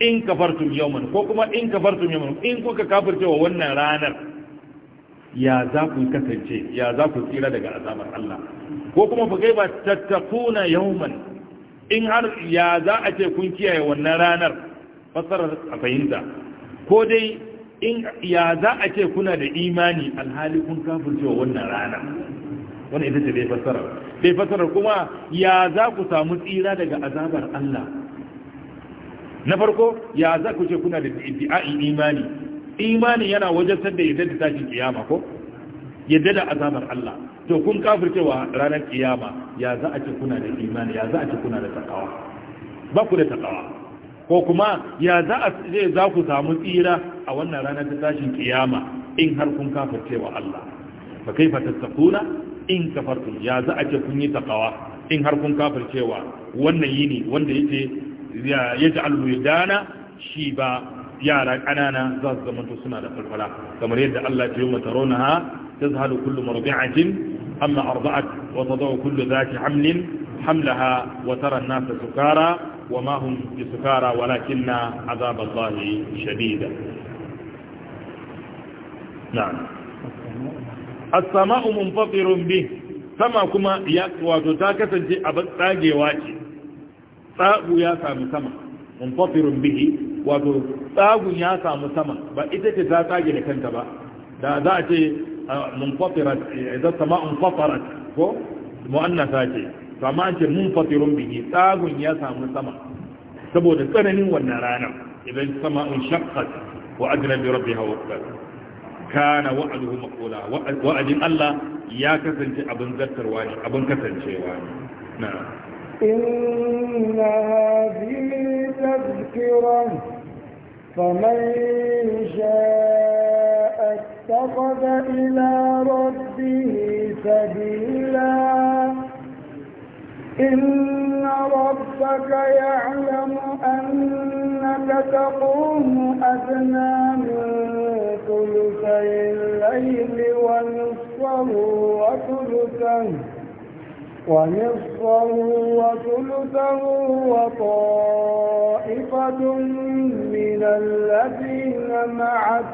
in ka yau man, ko kuma in ka yau man in kuka kafirce wa wannan ranar ya za ku kasance ya za ku tsira daga azabar Allah ko kuma fa kaifa tattaquna yawman in har ya za a ce kun kiyaye wannan ranar fasara a fahimta ko dai in ya za a ce kuna da imani alhali kun kafircewa wannan rana wani ita ce bai fassara bai fassara kuma ya za ku samu tsira daga azabar Allah na farko ya za ku ce kuna da iddi'a'in imani imani yana wajen da yadda da tashin kiyama ko yadda da azabar Allah to kun kafircewa ranar kiyama ya za a ce kuna da imani ya za a ce kuna da takawa ba ku da takawa ko kuma ya za a za ku samu tsira a wannan ranar ta tashin kiyama in har kun kafircewa Allah fa kaifa tattaquna in kafartum ya za a ce kun yi takawa in har kun kafircewa wannan yini wanda yake ya ji alwidana shi ba yara ƙanana za su zama suna da farfara kamar yadda Allah ce yi mata ronaha, ha ta zahalu kullum marbi'atin amma arba'at wa ta kullu zaki hamlin hamlaha wa tara nasa sukara wa ma hum bisukara walakinna azab Allah shadida na'am as-sama'u munfatirun bi sama kuma wato ta kasance abin tsagewa ce tsagu ya samu sama munfatirun bihi wato tsagun ya samu sama ba ita ce ta tsage da kanta ba da za a ce munfatirat eh, idan ko mu'annasa ce to ce mun fatirun bihi tsagun ya samu sama saboda tsananin wannan ranar idan sama in shaqqat wa ajran bi rabbiha wa kana wa'aduhu maqula wa'adin Allah ya kasance abin zartarwa ne abin kasancewa ne na inna hadhihi tadhkiran faman sha'a اتخذ إلى ربه سبيلا إن ربك يعلم أنك تقوم أدنى من ثلثي الليل ونصفه وثلثه ونصفه وثلثه وطائفة من الذين معك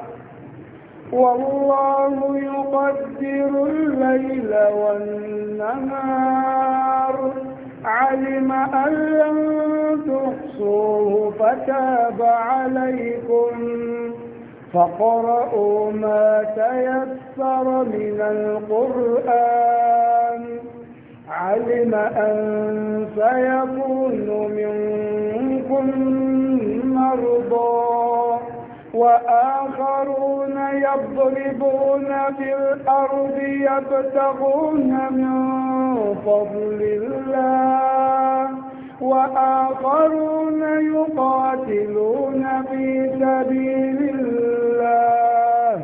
والله يقدر الليل والنهار علم أن لن تحصوه فتاب عليكم فقرأوا ما تيسر من القرآن علم أن سيكون منكم مرضى وآخرون يضربون في الأرض يبتغون من فضل الله وآخرون يقاتلون في سبيل الله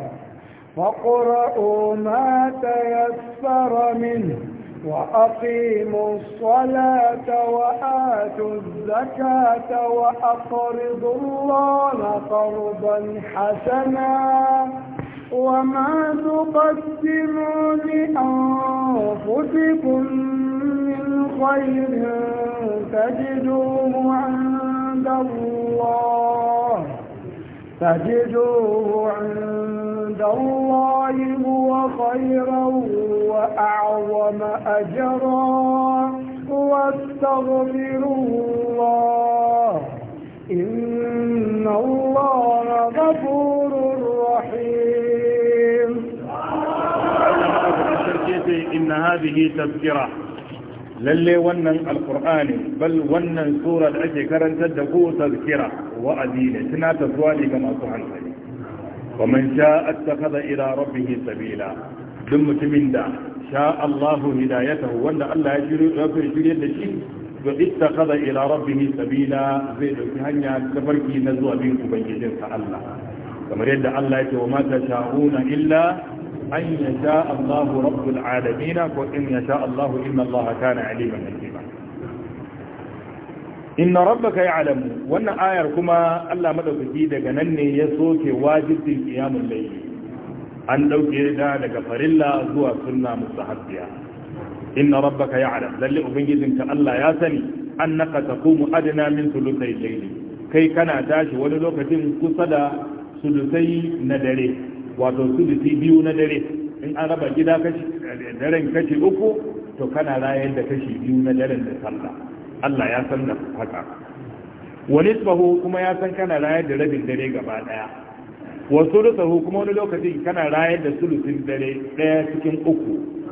فاقرؤوا ما تيسر منه وأقيموا الصلاة وآتوا الزكاة وأقرضوا الله قرضا حسنا وما تقدموا لأنفسكم من خير تجدوه عند الله تجدوه عند الله هو خيرا وأعظم أجرا واستغفروا الله إن الله غفور أن هذه تذكرة للي ونن القرآن بل ونن سورة الأشكرة تدقو تذكرة وأدينة سنة تسوالي كما سبحان ومن شاء اتخذ إلى ربه سبيلا دمت من دا شاء الله هدايته وأن الله يجري لشيء اتخذ إلى ربه سبيلا زي هنيا تفركي نزوى بينكم بيجين الله كما يدى الله وما تشاءون إلا an yasha Allahu rabbul alamin ko in yasha Allahu inna Allah kana aliman hakima inna rabbaka ya'lamu wannan ayar kuma Allah madaukaki daga nan ne ya soke wajibin qiyamul layl an dauke da daga farilla zuwa sunna mustahabbiya inna rabbaka ya'lam lalle ubangijinka Allah ya sani annaka mu adana min thuluthay layl kai kana tashi wani lokacin kusa da sulutai na dare wato sulusi biyu na dare in an raba gida kashi daren kashi uku to kana rayar da kashi biyu na daren da sallah Allah ya san da haka wa nisbahu kuma ya san kana rayar da rabin dare gaba daya wa sulusahu kuma wani lokacin kana rayar da sulusin dare daya cikin uku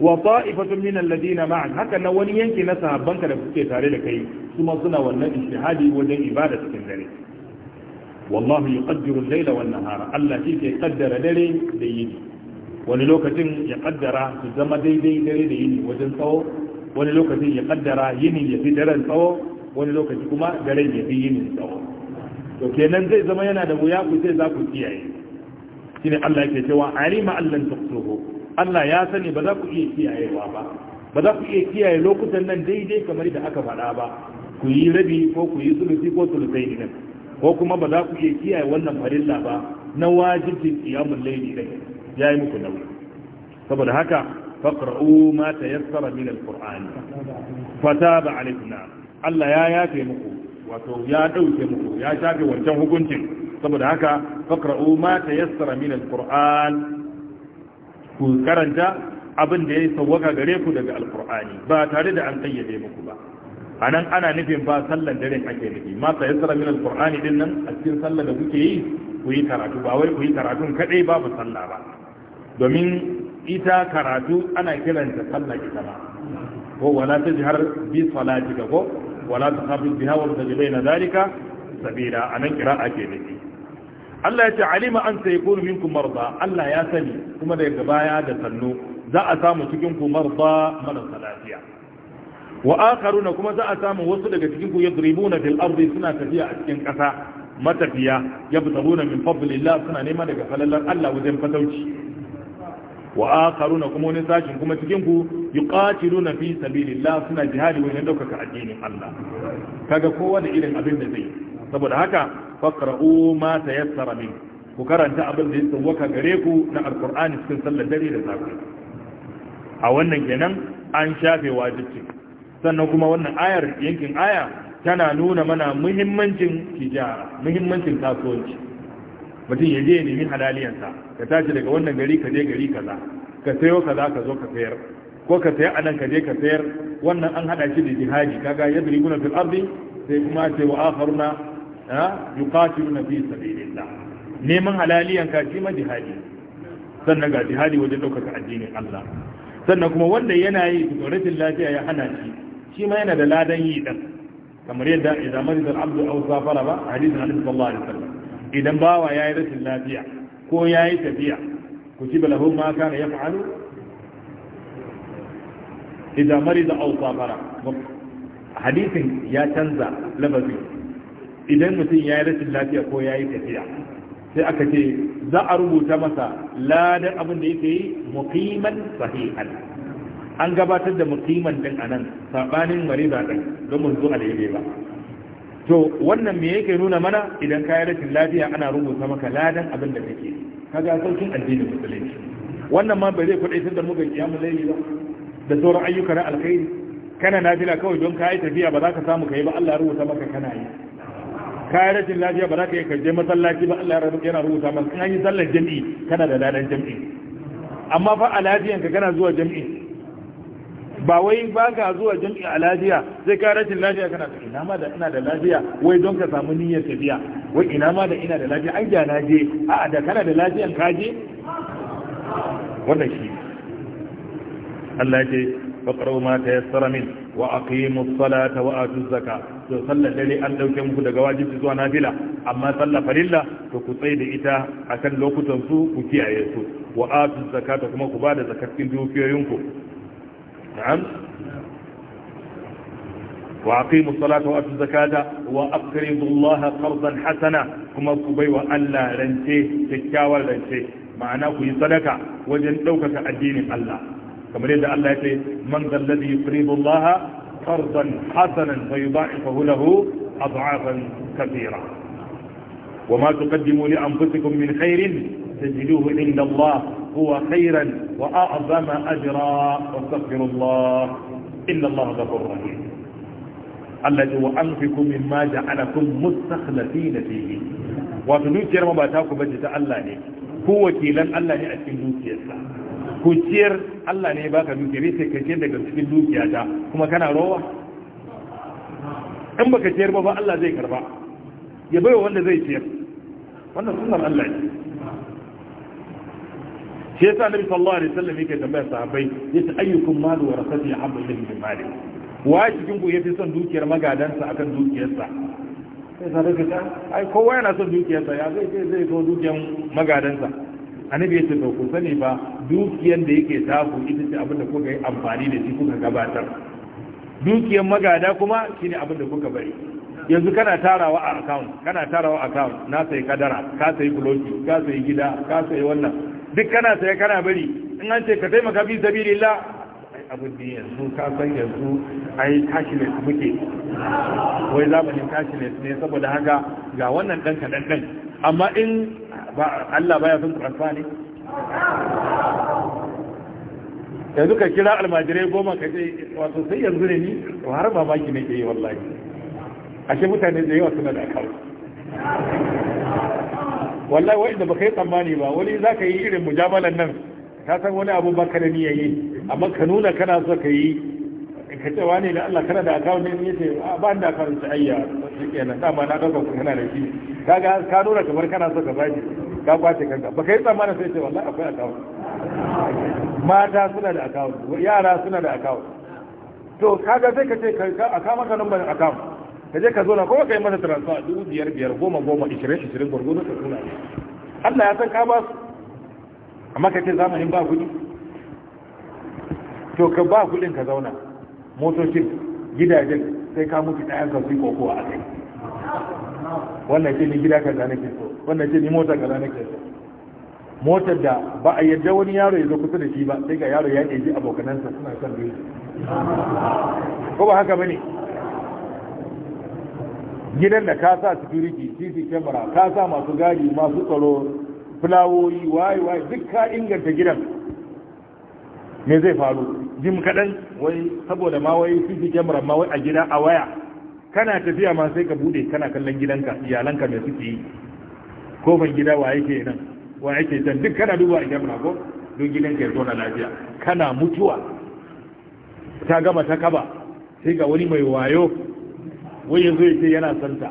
wa ta'ifatun min alladina ma'an haka na wani yanki na ka da suke tare da kai kuma suna wannan ijtihadi wajen ibada cikin dare wallahu yuqaddiru al-layla wan nahara Allah shi ke kaddara dare da yini wani lokacin ya kaddara su zama daidai dare da yini wajen tsawo wani lokacin ya kaddara yini ya fi daren tsawo wani lokaci kuma dare ya fi yini tsawo to kenan zai zama yana da wuya ku sai za ku kiyaye shine Allah yake cewa alima allan tuqsuhu Allah ya sani ba za ku iya kiyayewa ba ba za ku iya kiyaye lokutan nan daidai kamar da aka faɗa ba ku yi rabi ko ku yi sulusi ko sulusai ne ko kuma ba za ku iya kiyaye wannan farilla ba na wajibin qiyamul ne ya yi muku nauyi saboda haka faqra'u ma tayassara min alqur'ani fataba alaykum Allah ya yafe muku wato ya dauke muku ya shafe wancan hukuncin saboda haka faqra'u ma tayassara min alqur'an ku karanta abin da ya sawwaka gare ku daga alqur'ani ba tare da an kayyade muku ba anan ana nufin ba sallan dare ake nufi ma ta yasra min alqur'ani din nan a cikin sallar da kuke yi ku yi karatu ba wai ku yi karatun kadai babu salla ba domin ita karatu ana kiranta sallah ita ma ko wala jihar bi salatika ko wala takhafi biha wa tajbaina dhalika sabila anan qira'a ke nufi Allah ya ce alima an sai yakunu minkum marda Allah ya sani kuma daga baya da sannu za a samu cikin ku marda marasa lafiya wa akharuna kuma za a samu wasu daga cikin ku yadribuna fil ardi suna tafiya a cikin kasa matafiya yabtaguna min fadlillah suna nema daga falalar Allah wajen fatauci wa akharuna kuma wani sashin kuma cikin ku yuqatiluna fi sabilillah suna jihadi wajen daukaka addinin Allah kaga kowa da irin abin da zai saboda haka faqra'u ma tayassara min ku karanta abin da ya tsawaka gare ku na alqur'ani cikin sallar dare da safe a wannan kenan an shafe wajibcin sannan kuma wannan ayar yankin aya tana nuna mana muhimmancin tijara muhimmancin kasuwanci mutum ya je nemi halaliyarsa ka tashi daga wannan gari ka je gari kaza ka sayo kaza ka zo ka sayar ko ka saya anan ka je ka sayar wannan an hada shi da jihadi kaga yadribuna fil ardi sai kuma ce wa akharuna yuqatiluna fi sabilillah neman halaliyan ka shi ma jihadi sannan ga jihadi wajen daukaka addinin Allah sannan kuma wanda yana yi tsoratin lafiya ya hana shi shi ma yana da ladan yi din kamar yadda idan marid al-abdu aw zafara ba hadisin alif sallallahu alaihi wasallam idan bawa yayi rashin lafiya ko ya yi tafiya kutiba lahu ma ya yaf'alu idan marid aw zafara hadisin ya canza lafazi idan mutum ya yi rashin lafiya ko ya yi tafiya sai aka ce za a rubuta masa ladan abin da yake yi muqiman sahihan an gabatar da muqiman din nan saɓanin mariza din don mun zo a daidai ba to wannan me yake nuna mana idan ka yi rashin lafiya ana rubuta maka ladan abin da kake ga saukin addinin musulunci wannan ma ba zai kudaitar da mu ga kiyamu laili ba da sauran ayyuka na alkhairi kana nafila kawai don ka yi tafiya ba za ka samu ka yi ba Allah ya rubuta maka kana yi ka yi rashin lafiya ba za ka yi kaje masallaci ba Allah yana rubuta maka in an yi sallar jami'i kana da ladan jami'i amma fa a lafiyanka kana zuwa jami'i ba wai ba ka zuwa jin a lafiya sai ka rashin lafiya kana ta ina ma da ina da lafiya wai don ka samu niyyar tafiya wai ina ma da ina da lafiya an da na je a'a da kana da lafiyan ka je wannan shi Allah ya ce qaru ma tayassara min wa aqimu as-salata wa atu az-zaka to sallar dare an dauke muku daga wajibi zuwa nafila amma sallar farilla to ku tsaye da ita akan lokutan su ku kiyaye su wa atu az-zakata kuma ku bada zakatin dukiyoyinku نعم وأقيموا الصلاة وآتوا الزكاة وأقرضوا الله قرضا حسنا كما كبيوا ألا رنشي تكاوى رنشي معناه في صدقة وجن دوكة الدين الله كما لذا الله يقول من ذا الذي يقرض الله قرضا حسنا فيضاعفه له أضعافا كثيرة وما تقدموا لأنفسكم من خير تجدوه عند الله هو خيرا وأعظم أجرا واستغفر الله إن الله غفور رحيم الذي وأنفقوا مما جعلكم مستخلفين فيه وتنوكر مباتاكم بجة الله ne ko wakilan Allah ne a cikin dukiyarsa ku Allah ne baka dukiyar sai ka ciyar daga cikin dukiyata kuma kana rowa in baka ciyar ba ba Allah zai karba ya bai wanda zai ciyar wannan sunan Allah ne shi yasa annabi sallallahu alaihi wasallam yake tambayar sahabbai yace ayyukum malu warasati ahabbu ilayhi min mali wa cikin ku yafi son dukiyar magadansa akan dukiyarsa sai sahabbai ka ai kowa yana son dukiyarsa ya zai ce zai so dukiyar magadansa annabi yace to ku sani ba dukiyar da yake taku ita ce abinda kuka yi amfani da shi kuka gabatar dukiyar magada kuma shine abinda da kuka bari yanzu kana tarawa a account kana tarawa account na sai kadara ka sai kuloki ka sai gida ka sai wannan duk kana sai kana bari in an ce ka taimaka bi sabilillah abu ne yanzu ka san yanzu ai ne muke wai zamanin kashi ne ne saboda haka ga wannan dan ka dan dan. amma in ba Allah baya son kurfa ne yanzu ka kira almajirai goma ka ce wato sai yanzu ne ni har mamaki ne ke yi wallahi ashe mutane da yawa suna da akawai wallahi inda baka yi tsammani ba wani za ka yi irin mujamalan nan ka san wani abu baka da niyya yi amma ka nuna kana so ka yi ka ce wani da Allah kana da akawun ne ah, ya ce ba da akawun ta ayya shi kenan dama na ɗauka ku kana da shi kaga ka nuna kamar kana so ka baki ka kwace kanka baka yi tsammani sai ce wallahi akwai akawun mata suna da akawun yara suna da akawun to kaga sai ka ce ka aka maka numbar akawun ka je ka zo na kuma ka yi masa transfer dubu biyar biyar goma goma ishirin ishirin gwargwado ka ne. Allah ya san ka ba su amma ka ce zamanin ba kuɗi to ka ba kuɗin ka zauna motocin gidajen sai ka mutu ɗayan ka fi kokowa a kai wannan ce ni gida ka zane ke so wannan ce ni mota zane ke so motar da ba a yarda wani yaro ya zo kusa da shi ba sai ga yaro ya ji abokanansa suna son biyu ko ba haka bane gidan da ka sa security cc camera ka sa masu gadi masu tsaro fulawoyi waye waye duk ka inganta gidan me zai faru jim kaɗan wai saboda ma wai cc camera ma wai a gida a waya kana tafiya ma sai ka bude kana kallon gidanka iyalanka me suke yi kofan gida wa yake nan wa yake can duk kana duba a camera ko don gidanka ya zo na lafiya kana mutuwa ta gama ta kaba sai ga wani mai wayo wai ya zo ya ce yana santa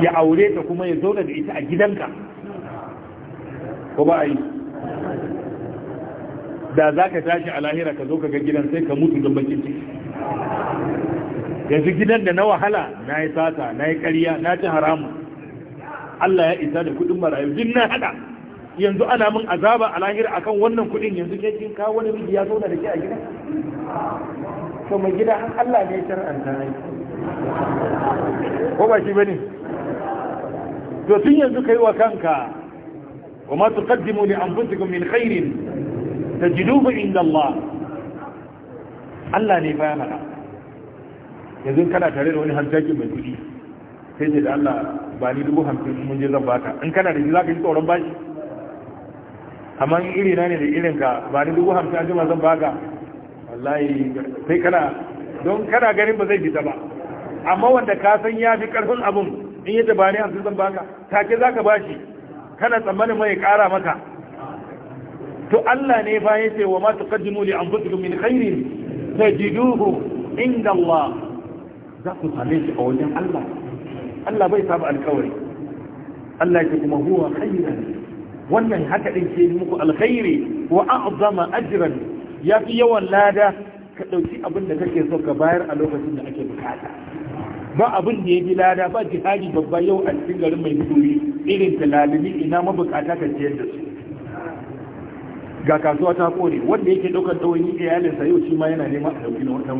ya aure ta kuma ya zauna da ita a gidanka ko ba a yi da za ka tashi a lahira ka zo ka ga gidan sai ka mutu don bakin ciki yanzu gidan da na wahala na yi sata na yi ƙarya na ci haramun Allah ya isa da kuɗin marayu din na hada yanzu ana min azaba a lahira akan wannan kuɗin yanzu ke kin kawo wani miji ya zauna da ke a gida to mai gida Allah ne ya shar'anta ne ko ba shi bane to tun yanzu kai wa kanka wa ma tuqaddimu li anfusikum min khairin tajiduhu inda Allah Allah ne fa mana yanzu kana tare da wani hajjaji mai kudi sai ne da Allah ba ni dubu hamsin mun je zan baka in kana da shi zaka yi tsoron bashi amma iri na ne da irin ka ba ni dubu hamsin an jima zan baka wallahi sai kana don kana ganin ba zai fita ba amma wanda ka san ya fi ƙarfin abin in yi dabari a zan baka take za ka bashi kana tsammanin mai ƙara maka to Allah ne fa sai wa ma tuqaddimu li anfusikum min khairin tajiduhu inda Allah za ku same shi a wajen Allah Allah bai saba alkawari Allah yake kuma huwa khairan wannan haka din ke muku alkhairi wa a'zama ya fi yawan lada ka ɗauki abin da kake so ka bayar a lokacin da ake bukata ba abin da ya bi lada ba jihadi babba yau a cikin garin mai duri irin talalimi ina mabukata ka ciyar da su ga kasuwa ta kore wanda yake ɗaukar ɗawaini iyalinsa yau shi ma yana neman a ɗauki na wata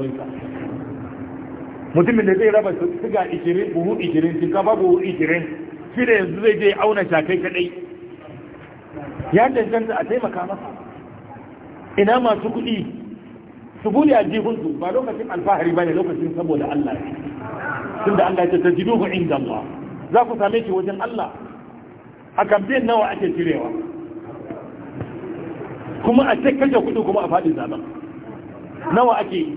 mutumin da zai raba siga 20 buhu 20 shinkafa buhu 20 shi da yanzu zai je auna shakai kadai ya danganta a taimaka masa ina masu kuɗi su jihun su ba lokacin alfahari ba ne lokacin saboda Allah ne tunda Allah ya tattaji duhu inda Allah za ku same shi wajen Allah a kamfen nawa ake cirewa kuma a ce kashe kudu kuma a faɗin zaben nawa ake yi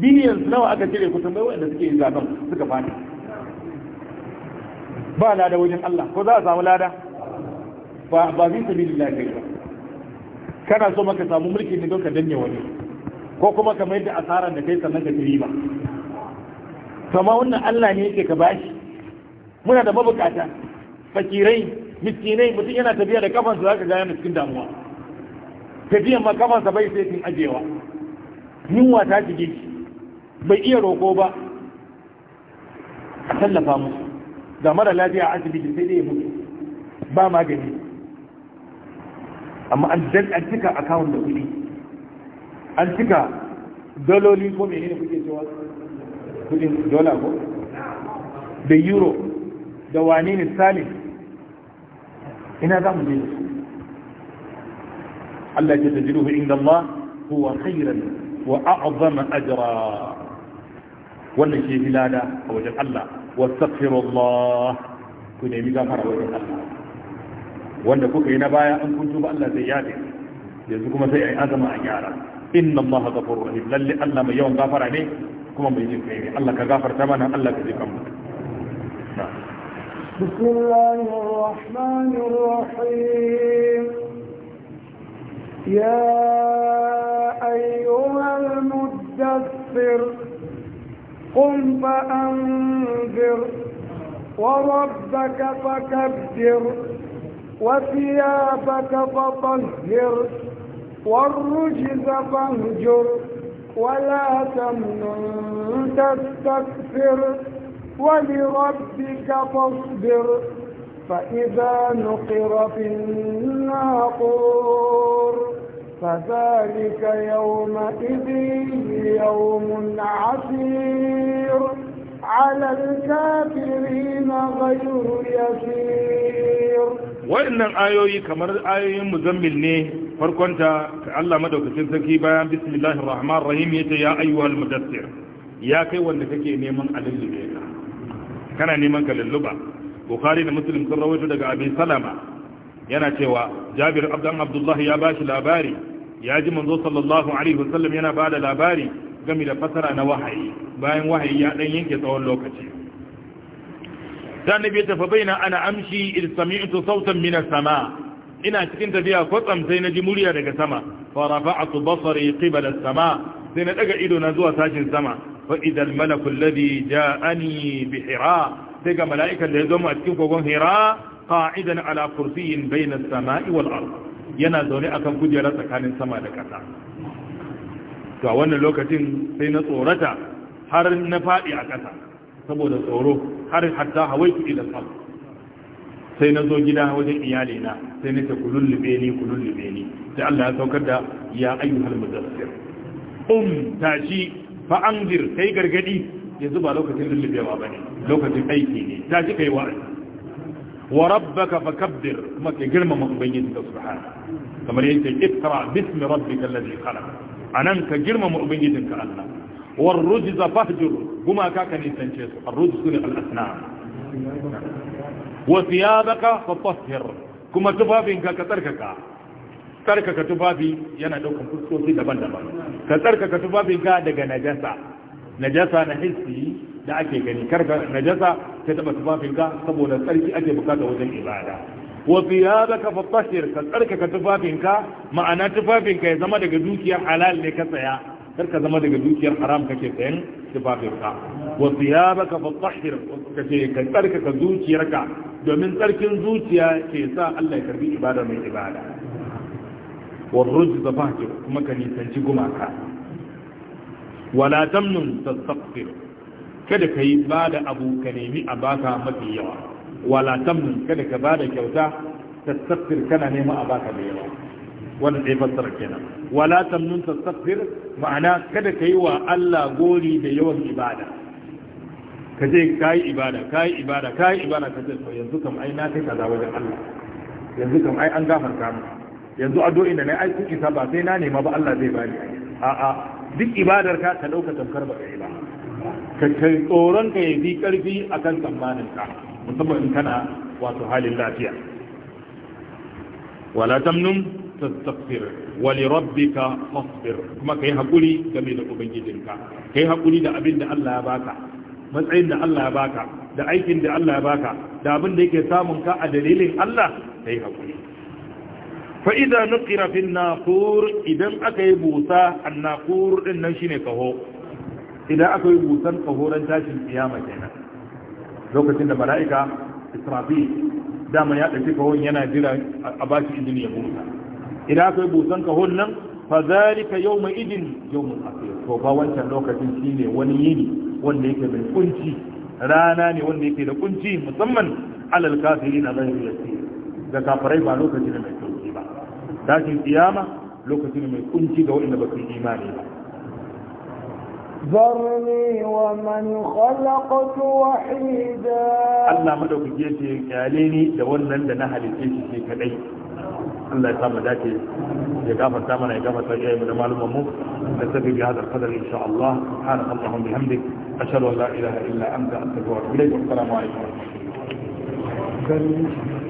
biliyan nawa aka cire kusan bai waɗanda suke yin zaben suka faɗi ba lada wajen Allah ko za a samu lada ba bi fi sabi lillahi kai ba kana so maka samu mulki ne don ka danne wani ko kuma ka mayar da asarar da kai sannan ka ci riba kama wannan Allah ne yake ka bashi muna da mabukata fakirai miskinai mutum yana tafiya da kafansa zaka ga yana cikin damuwa tafiyan ma kafansa bai sai cin ajewa yunwa ta shige shi bai iya roko ba a tallafa musu ga mara lafiya a asibiti sai dai mutu ba magani amma an cika akawun da kuɗi an cika daloli ko ne kuke cewa kudin dola ko da euro da wane ne Salim? ina za mu je Allah ce ya tajiruhu inda Allah huwa khairan wa a'zama ajra wannan shi hilada a wajen Allah Wa wastaghfirullah ku nemi gafara wajen Allah wanda kuka yi na baya an kuntu ba Allah zai yafe yanzu kuma sai ai azama a gyara ان الله غفور رحيم للي الا ما يوم غفر عليه كما ما يجي في الله كغفر ثمنه الله كذكم نعم. بسم الله الرحمن الرحيم يا ايها المدثر قم فانذر وربك فكبر وثيابك فطهر والرجز فاهجر ولا تمنن تستكثر ولربك فاصبر فإذا نقر في الناقور فذلك يومئذ يوم عسير على الكافرين غير يسير وإن الآيوي كما آيوي مزمل نيه farkonta Allah madaukakin sarki bayan bismillahir rahmanir rahim yace ya ayyuhal mudaththir ya kai wanda kake neman alilube kana neman kalaluba lulluba bukhari da muslim sun rawaito daga abi salama yana cewa jabir abdan abdullahi ya bashi labari ya ji manzo sallallahu alaihi wasallam yana bada labari game da fasara na wahayi bayan wahayi ya dan yanke tsawon lokaci dan nabi ta fa baina ana amshi id sami'tu sautan min as-sama ina cikin tafiya kwatsam sai na ji murya daga sama fa rafa'tu basari qibala sama sai na daga ido na zuwa sashin sama fa idal malaku alladhi ja'ani bi hira sai ga mala'ikan da ya zo mu a cikin kogon hira qa'idan ala kursiyyin bayna as-sama'i wal ard yana zaune akan kujera tsakanin sama da ƙasa to wannan lokacin sai na tsorata har na fadi a ƙasa saboda tsoro har hatta hawaitu ila sama sai na zo gida wajen iyalina sai na ce ku lullube ni ku lullube ni sai Allah ya saukar da ya ayyuhal mudassir um tashi fa anzir kai gargadi yanzu ba lokacin lullubewa bane lokacin aiki ne tashi kai wa'azi wa rabbaka fakabbir kuma kai girmama ubangiji ka subhana kamar yake ikra bismi rabbika alladhi khalaq anan ka girmama ubangijinka Allah war rujza fahjur kuma ka ka nisance su ar-rujzu al-asnam wa thiyabaka fatahhir kuma tufafinka ka tsarkaka tsarkaka tufafi yana daukan fuskoki daban-daban ka tsarkaka tufafinka daga najasa najasa na hissi da ake gani karka najasa ta taba tufafinka saboda tsarki ake bukata wajen ibada wa thiyabaka fatahhir ka tsarkaka tufafinka ma'ana tufafinka ya zama daga dukiyar halal ne ka tsaya karka zama daga dukiyar haram kake sayan tufafinka wa thiyabaka fatahhir kace ka tsarkaka zuciyarka domin tsarkin zuciya ke sa Allah ya karbi ibada mai ibada warruj da ba kuma ka nisanci gumaka wala tamnun tasaqfir kada ka yi abu ka nemi a baka mafi yawa wala tamnun kada ka bada kyauta tasaqfir kana nema a baka da yawa wannan dai fassara kenan wala tamnun tasaqfir ma'ana kada ka yi wa Allah gori da yawan ibada ka je ka yi ibada ka yi ibada ka yi ibada ka ce to yanzu kam ai na kai kaza wajen Allah yanzu kam ai an gafarta mu yanzu addu'o'in da na ai kun isa ba sai na nema ba Allah zai bani a'a duk ibadar ka ka dauka tamkar ba kai ba ka kai tsoron ka ya bi karfi akan tsammanin ka musamman in kana wato halin lafiya wala tamnun tastaghfir wa li rabbika fasbir kuma kai hakuri game da ubangijinka kai hakuri da abin da Allah ya baka matsayin da Allah ya baka da aikin da Allah ya baka da abin da yake samun ka a dalilin Allah yi haƙuri. fa idza nuqira fi naqur idan aka yi busa annaqur din nan shine kaho idan aka yi busan kaho kahoran tashin kiyama kenan lokacin da mala'ika Israfil dama ya dauki kahon yana jira a bashi idin ya busa idan aka yi busan kahon nan fa zalika yawma idin yawmun akhir to ba wancan lokacin shine wani yini wanda yake mai kunci rana ne wanda yake da kunci musamman alal kafirin a zai yasi ga kafirai ba lokacin ne mai kunci ba tashin kiyama lokacin mai kunci ga wanda ba imani ba ذرني ومن خلقت وحيدا الله ce يتي قاليني da wannan da na halice shi kadai Allah ya sa mu dace ya gafarta mana ya gafarta ya mu da malumman mu da sabbi bi hadal qadar insha Allah subhanaka allahumma bihamdik ashhadu an la ilaha illa anta astaghfiruka wa atubu ilaik assalamu alaikum